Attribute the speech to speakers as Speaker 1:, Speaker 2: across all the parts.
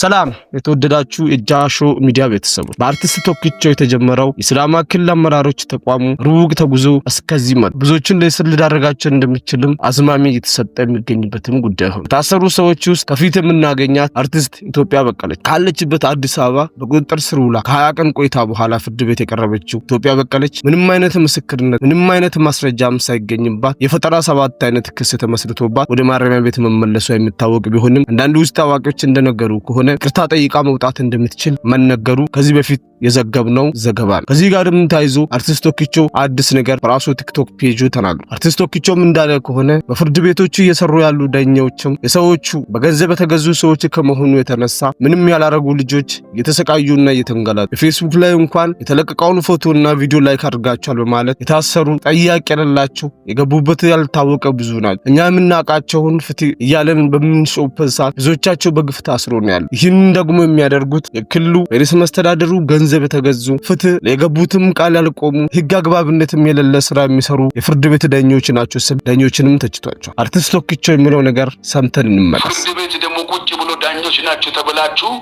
Speaker 1: ሰላም የተወደዳችሁ የጃሾ ሚዲያ ቤተሰቦች፣ በአርቲስት ቶክቻው የተጀመረው የሲዳማ ክልል አመራሮች ተቋሙ ሩቅ ተጉዞ እስከዚህ መ ብዙዎችን ለእስር ሊዳረጋቸው እንደሚችልም አዝማሚ እየተሰጠ የሚገኝበትም ጉዳይ ሆነ። የታሰሩ ሰዎች ውስጥ ከፊት የምናገኛት አርቲስት ኢትዮጵያ በቀለች ካለችበት አዲስ አበባ በቁጥጥር ስር ውላ ከሀያ ቀን ቆይታ በኋላ ፍርድ ቤት የቀረበችው ኢትዮጵያ በቀለች ምንም አይነት ምስክርነት ምንም አይነት ማስረጃም ሳይገኝባት የፈጠራ ሰባት አይነት ክስ ተመስርቶባት ወደ ማረሚያ ቤት መመለሷ የሚታወቅ ቢሆንም አንዳንድ ውስጥ አዋቂዎች እንደነገሩ ከሆነ ከሆነ ቅርታ ጠይቃ መውጣት እንደምትችል መነገሩ ከዚህ በፊት የዘገብነው ዘገባ ነው። ከዚህ ጋርም ታይዞ አርቲስት ቶኪቾ አዲስ ነገር በራሱ ቲክቶክ ፔጁ ተናግሯል። አርቲስት ቶኪቾም እንዳለ ከሆነ በፍርድ ቤቶቹ እየሰሩ ያሉ ዳኛዎችም የሰዎቹ በገንዘብ የተገዙ ሰዎች ከመሆኑ የተነሳ ምንም ያላረጉ ልጆች እየተሰቃዩና እየተንገላቱ በፌስቡክ ላይ እንኳን የተለቀቀውን ፎቶና ቪዲዮ ላይክ አድርጋቸዋል በማለት የታሰሩ ጠያቂ የሌላቸው የገቡበት ያልታወቀ ብዙ ናቸው። እኛ የምናውቃቸውን ፍትህ እያለን በምንሾበት ሰዓት ብዙዎቻቸው በግፍ ታስሮ ነው ይህንን ደግሞ የሚያደርጉት የክልሉ ርዕሰ መስተዳደሩ ገንዘብ የተገዙ ፍትህ የገቡትም ቃል ያልቆሙ ህግ አግባብነትም የሌለ ስራ የሚሰሩ የፍርድ ቤት ዳኞች ናቸው ስል ዳኞችንም ተችቷቸው አርቲስት ቶኪቻው የሚለው ነገር ሰምተን እንመለስ።
Speaker 2: ፍርድ ቤት ደግሞ ቁጭ ብሎ ዳኞች ናቸው ተብላችሁ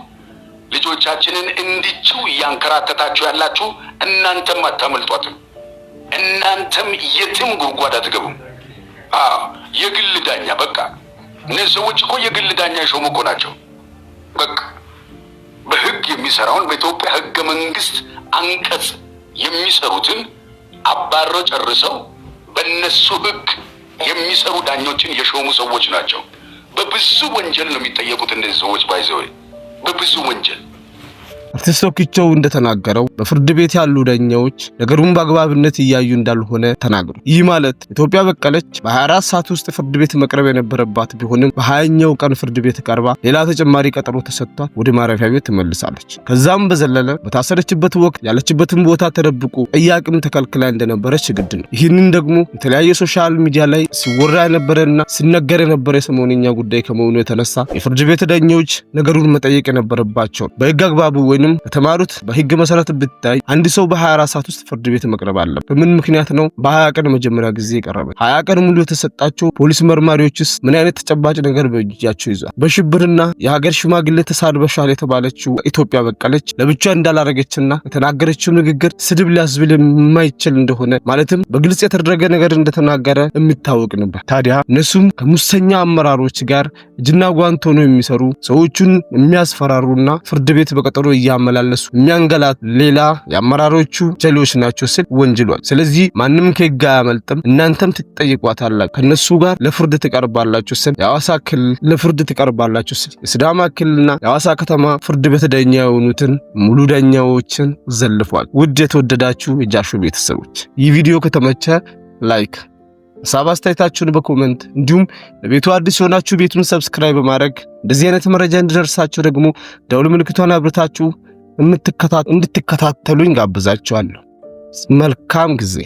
Speaker 2: ልጆቻችንን እንዲችው እያንከራተታችሁ ያላችሁ እናንተም አታመልጧትም። እናንተም የትም ጉድጓድ አትገቡም። የግል ዳኛ በቃ እነዚህ ሰዎች እኮ የግል ዳኛ የሾሙ እኮ ናቸው። በቃ በህግ የሚሰራውን በኢትዮጵያ ህገ መንግስት አንቀጽ የሚሰሩትን አባረው ጨርሰው በእነሱ ህግ የሚሰሩ ዳኞችን የሾሙ ሰዎች ናቸው። በብዙ ወንጀል ነው የሚጠየቁት እነዚህ ሰዎች ባይዘወይ በብዙ ወንጀል
Speaker 1: አርቲስት ቶኪቻው እንደተናገረው በፍርድ ቤት ያሉ ዳኛዎች ነገሩን በአግባብነት እያዩ እንዳልሆነ ተናግሩ። ይህ ማለት ኢትዮጵያ በቀለች በ24 ሰዓት ውስጥ ፍርድ ቤት መቅረብ የነበረባት ቢሆንም በሀያኛው ቀን ፍርድ ቤት ቀርባ ሌላ ተጨማሪ ቀጠሮ ተሰጥቷት ወደ ማረፊያ ቤት ትመልሳለች። ከዛም በዘለለ በታሰረችበት ወቅት ያለችበትን ቦታ ተደብቆ ጥያቄም ተከልክላ እንደነበረች ግድ ነው። ይህንን ደግሞ የተለያየ ሶሻል ሚዲያ ላይ ሲወራ የነበረና ሲነገር የነበረ የሰሞንኛ ጉዳይ ከመሆኑ የተነሳ የፍርድ ቤት ዳኞች ነገሩን መጠየቅ የነበረባቸውን በህግ አግባቡ ወይንም በተማሩት በህግ መሰረት ብታይ አንድ ሰው በ24 ሰዓት ውስጥ ፍርድ ቤት መቅረብ አለ። በምን ምክንያት ነው በ20 ቀን መጀመሪያ ጊዜ የቀረበ? 20 ቀን ሙሉ የተሰጣቸው ፖሊስ መርማሪዎችስ ምን አይነት ተጨባጭ ነገር በእጃቸው ይዟል? በሽብርና የሀገር ሽማግሌ ተሳድበሻል የተባለችው ኢትዮጵያ በቀለች ለብቻ እንዳላረገችና የተናገረችው ንግግር ስድብ ሊያስብል የማይችል እንደሆነ ማለትም በግልጽ የተደረገ ነገር እንደተናገረ የሚታወቅ ነበር። ታዲያ እነሱም ከሙሰኛ አመራሮች ጋር እጅና ጓንት ሆኖ የሚሰሩ ሰዎቹን የሚያስፈራሩና ፍርድ ቤት በቀጠሮ እያመላለሱ የሚያንገላት ሌላ ሌላ የአመራሮቹ ጀሌዎች ናቸው ስል ወንጅሏል። ስለዚህ ማንም ከህግ አያመልጥም። እናንተም ትጠይቋታላችሁ። ከነሱ ጋር ለፍርድ ትቀርባላችሁ ስል የሐዋሳ ክልል ለፍርድ ትቀርባላችሁ ስል የስዳማ ክልልና የሐዋሳ ከተማ ፍርድ ቤት ዳኛ የሆኑትን ሙሉ ዳኛዎችን ዘልፏል። ውድ የተወደዳችሁ የጃሾ ቤተሰቦች ይህ ቪዲዮ ከተመቸ ላይክ ሀሳብ አስተያየታችሁን በኮመንት እንዲሁም ለቤቱ አዲስ የሆናችሁ ቤቱን ሰብስክራይብ በማድረግ እንደዚህ አይነት መረጃ እንዲደርሳችሁ ደግሞ ደውል ምልክቷን አብርታችሁ እንድትከታተሉኝ ጋብዛችኋለሁ። መልካም ጊዜ